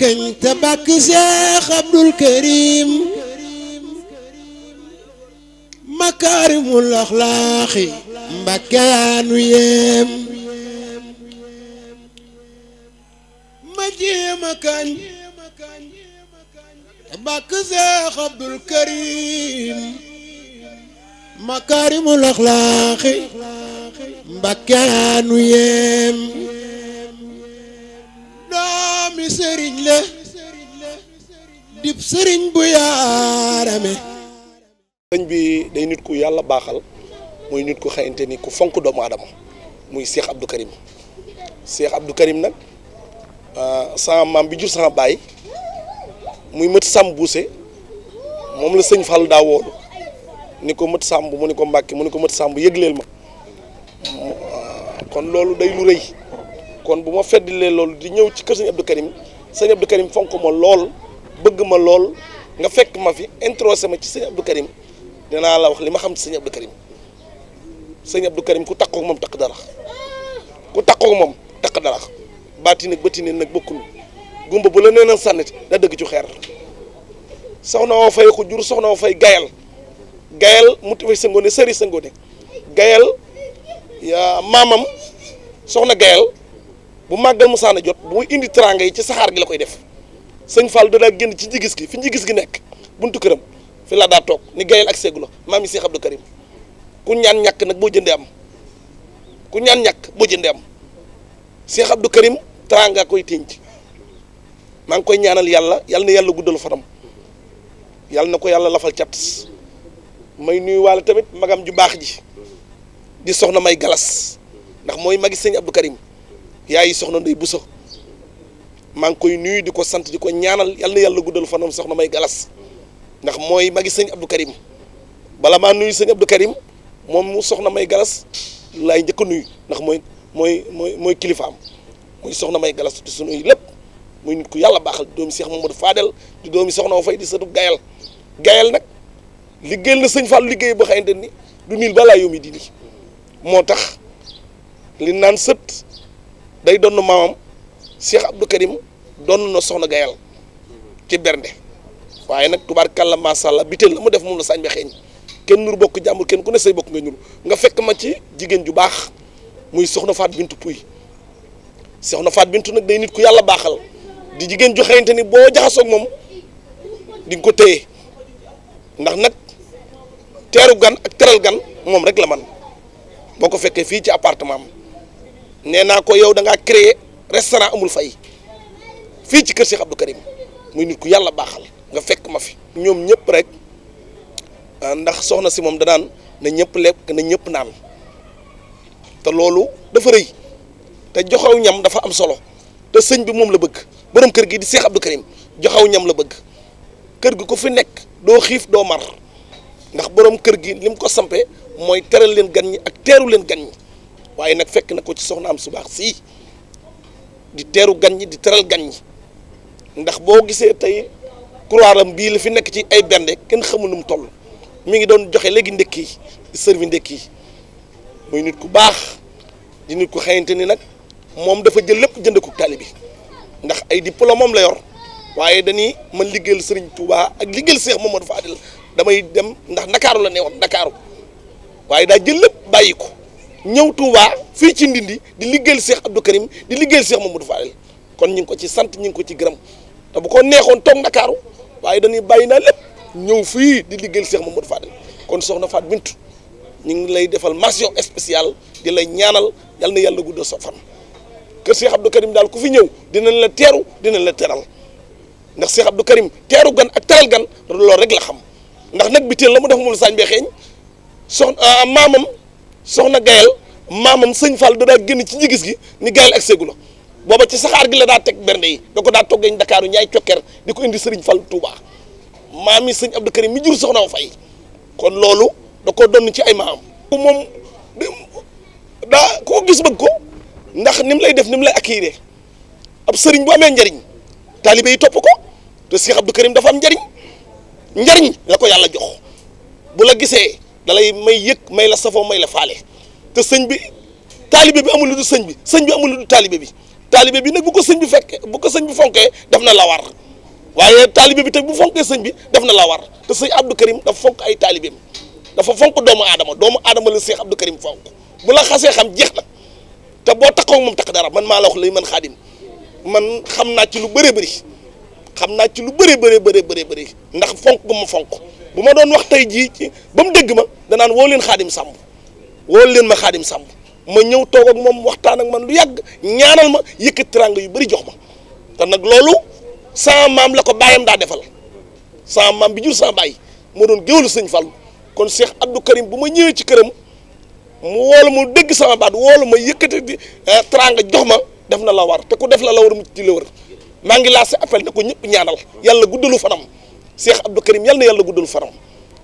kañ te bàkk Seex Abdul Karim makaarimul axlaaxi Mbàkke yaa nu yem ma jéem a kañ te bàkk Seex Abdul Karim makaarimul axlaaxi Mbàkke yaa nu yem sëriñ bu yaarame sëñ bi day nit ku yàlla baaxal muy nit ku xayante ni ku fonk doomu aadama muy Cheikh Abdou Karim Cheikh Karim nag euh, sama maam bi jur sama baay muy mët sàmm buuse moom la sëñ Fall daa ni ko mët sàmm mu ni ko mbàkke mu ni ko mët sàmm yëgleel ma euh, kon loolu day lu rëy kon bu ma feddilee loolu di ñëw ci kër sëñ Abdou Karim sëñ fonk ma lool bëgg ma lool nga fekk ma fi introsé ma ci sëñ Abdou Karim dinaa la wax li ma xam ci sëñ Abdou Karim sëñ Abdou Karim ku takkook moom takk dara ku takkook moom takk dara baati nag bëti nag bokkul gumba bu la nee na sànnit da dëgg ci xeer soxna woo fay ko jur soxna woo fay gayal gayal mu tufay sa ngoone sëri sa ngoone gayal maamam soxna gayal bu màggal musaana jot bu muy indi teraanga yi ci saxaar gi la koy def sëñ Fall da daa génn ci njigis gi fi njigis gi nekk buntu këram fi laa daa toog ni gayel ak ségulo maam yi Cheikh Abdou Karim ku ñaan ñàkk nag boo jëndee am ku ñaan ñàkk boo jëndee am Cheikh Abdou Karim teraanga koy ténc maa ngi koy ñaanal yàlla yàlla na yàlla guddal fanam yàlla na ko yàlla lafal cat may nuyuwaale tamit magam ju baax ji di soxna may galas ndax mooy magi sëñ Abdou Karim yaay yi soxna Ndey Buso maa ngi koy nuyu di ko sant di ko ñaanal yàlla na yàlla guddal fanam soxna may galas ndax mooy magi sëñ Abdou Karim bala maa nuyu sëñ Abdou Karim moom mu soxna may galas lay njëkk nuyu ndax mooy mooy mooy mooy kilifaam muy soxna may galas su sunuy lépp muy nit ku yàlla baaxal di doomi Cheikh Mamadou Fadel di doomi soxna wa fay di sëtu gayal gayal nag liggéeyal na sëñ Fall liggéey boo xamante ni du niil balaa yoom yi moo tax li naan sët day doon Cheikh Abdou Karim doon na soxna gayal ci bernde waaye nag tubaarkàlla macha allah biteel la mu def moom la sañ ba xeeñ kenn nur bokk jàmbur kenn ku ne say bokk nga ñur nga fekk ma ci jigéen ju baax muy soxna faat bintu puy soxna faat bintu nag day nit ku yàlla baaxal di jigéen ju xeeñte ni boo jaxasoog moom di ko téye ndax nag teeru gan ak teral gan moom rek la man boo ko fekkee fii ci appartement am nee naa ko yow dangaa ngaa créer restaurant amul fay fii ci kër Cheikh Abdou Karim muy nit ku yàlla baaxal nga fekk ma fi ñoom ñëpp rek ah, ndax soxna si moom danaan na ñëpp lekk na ñëpp naan te loolu dafa rëy te joxaw ñam dafa am solo te sëñ bi moom la bëgg borom kër gi di Cheikh Abdou Karim joxaw ñam la bëgg kër gi ko fi nekk doo xiif doo mar ndax borom kër gi li mu ko sampee mooy teral leen gan ñi ak teeru leen gan ñi waaye nag fekk na ko ci soxnaam su baax sii di teeru gan ñi di teral gan ñi ndax boo gisee tey couloiram bii la fi nekk ci ay bernde kenn xamul nu mu toll mi ngi doon joxe léegi ndékki yi servi ndékki yi muy nit ku baax di nit ku xayante ni nag moom dafa jël lépp jënd ko taali bi ndax ay diplôme moom la yor waaye dañuy man liggéeyal Serigne Touba ak liggéeyal Cheikh Mamadou Fadil damay dem ndax ndakaaru la ne ndakaaru waaye daa jël lépp bàyyi ko ñëw Touba fii ci Ndindi di liggéeyal Cheikh Abdou Karim di liggéeyal Cheikh Mamadou Fadel kon ñu ngi ko ci sant ñu ngi ko ci gërëm te bu ko neexoon toog Ndakaaru waaye dañuy bàyyi naa lépp ñëw fii di liggéeyal Cheikh Mamadou Fadel kon soxna Fatou bint ñu ngi lay defal mention spéciale di lay ñaanal yal na yàlla guddal sa fan kër Cheikh Abdou Karim daal ku fi ñëw dinañ la teeru dinañ la teral ndax Cheikh Abdou Karim teeru gan ak teral gan loolu rek la xam ndax nag biteel la mu def moom la saañ bee xeeñ maamam soxna gayal maamam sëñ Fall da daa génn ci njigis gi ni gaayil ak ségu la booba ci saxaar gi la daa teg bernde yi da ko daa toggeeñ Dakaaru ñaay cokkeer di ko indi sëriñ Fall Touba maam yi sëñ Abdou Karim mi jur soxna wa fay kon loolu da ko donn ci ay maam moom da ko gis bëgg ko ndax ni mu lay def ni mu lay accueillir ab sëriñ bu amee njariñ taalibe yi topp ko te Cheikh Abdou Karim dafa am njariñ njariñ la ko yàlla jox bu la gisee dalay may yëg may la safoo may la faale te sëñ bi taalibe bi amul lu du sëñ bi sëñ bi amul lu du taalibe bi taalibe bi nag bu ko sëñ bi fekkee bu ko sëñ bi fonkee def na la war waaye taalibe bi te bu fonkee sëñ bi def na la war te sëñ Abdou Karim dafa fonk ay taalibeem dafa fonk doomu aadama doomu aadama la Seex Abdou Karim fonk bu la xasee xam jeex na te boo taxaw moom tax dara man maa la wax lay man xaadim man xam naa ci lu bëree bëri xam naa ci lu bëree bëree bëree bëri ndax fonk bu ma fonk bu ma doon wax tey jii ci ba mu dégg ma danaan woo leen xaadim sàmb wóolu leen ma xaadim sàmb ma ñëw toog ak moom waxtaan ak man lu yàgg ñaanal ma yëkkat teraanga yu bëri jox ma te nag loolu sama maam la ko bàyyam daa defal sama maam bi jur sama bàyyi ma doon géwlu sëñ Fall kon Cheikh Abdou Karim bu ma ñëwee ci këram mu woolu ma dégg sama baat woolu ma yëkkati eh, teraanga jox ma def na la war te ku def la la war mu ci la war maa ngi lancé appel na ko ñëpp ñaanal yàlla guddalu fanam Cheikh Abdou Karim yàlla na yàlla guddalu fanam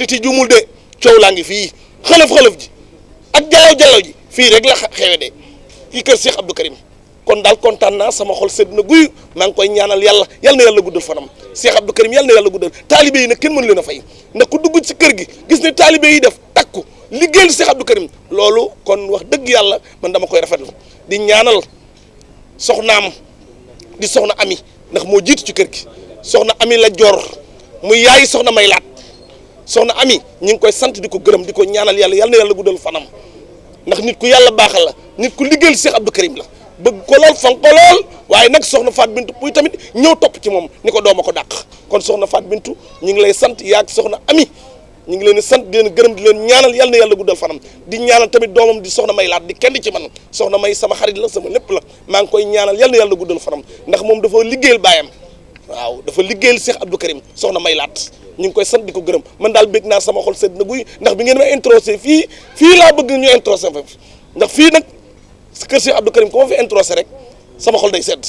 titi jumul de coow laa ngi fii xalëf xalëf ji ak jalaw jalaw ji fii rek la xewe de kii kër Cheikh Abdou Karim kon daal kontaan naa sama xol sedd na guy maa ngi koy ñaanal yàlla yàlla na yàlla guddal fanam Cheikh Abdou Karim yàlla na yàlla guddal taalibe yi nag kenn mënu leen fay ndax ku dugg ci kër gi gis ne taalibe yi def takku liggéeyal Cheikh Abdou Karim loolu kon wax dëgg yàlla man dama koy rafetlu di ñaanal soxnaam di soxna ami ndax moo jiitu ci kër gi soxna ami la joor muy yaay soxna may soxna ami ñu ngi koy sant di ko gërëm di ko ñaanal yàlla yal na yàlla guddal fanam ndax nit ku yàlla baaxal la nit ku liggéeyal Cheikh Abdou Karim la bëgg ko lool fan ko waaye nag soxna faat Bintou Pouye tamit ñëw topp ci moom ni ko dooma ko dàq kon soxna Fatou bintu ñu ngi lay sant yaag soxna ami ñu ngi leen di sant di leen gërëm di leen ñaanal yàlla na yàlla guddal fanam di ñaanal tamit doomam di soxna may laat di kenn ci man soxna may sama xarit la sama lépp la maa ngi koy ñaanal yàlla na yàlla fanam ndax moom dafa liggéeyal baayam waaw dafa liggéeyal Cheikh Abdou Karim soxna may laat ñu ngi koy sant di ko gërëm man daal bég naa sama xol sedd na guy ndax bi ngeen ma introsé fii fii laa bëgg ñu introsé fa ndax fii nag kër Cheikh Abdou Karim ku ma fi rek sama xol day sedd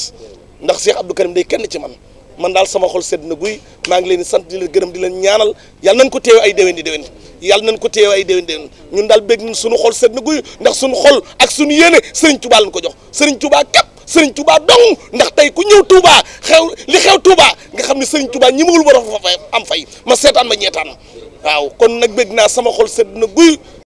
ndax Cheikh Abdou Karim day kenn ci man man daal sama xol sedd na guy maa ngi leen sant di la gërëm di leen ñaanal yàlla nañ ko teew ay déwén di déwén yàlla nañ ko teew ay déwén déwén ñun daal bég nañ suñu xol sedd na guy ndax suñu xol ak suñu yéene Serigne Touba lañ ko jox Serigne Touba képp sëriñ Touba dong ndax tey ku ñëw Touba xew li xew Touba nga xam ne sëriñ Touba ñi mawul war a fa am fay ma seetaan ma ñeetaan waaw kon nag bëgg naa sama xol sedd na guy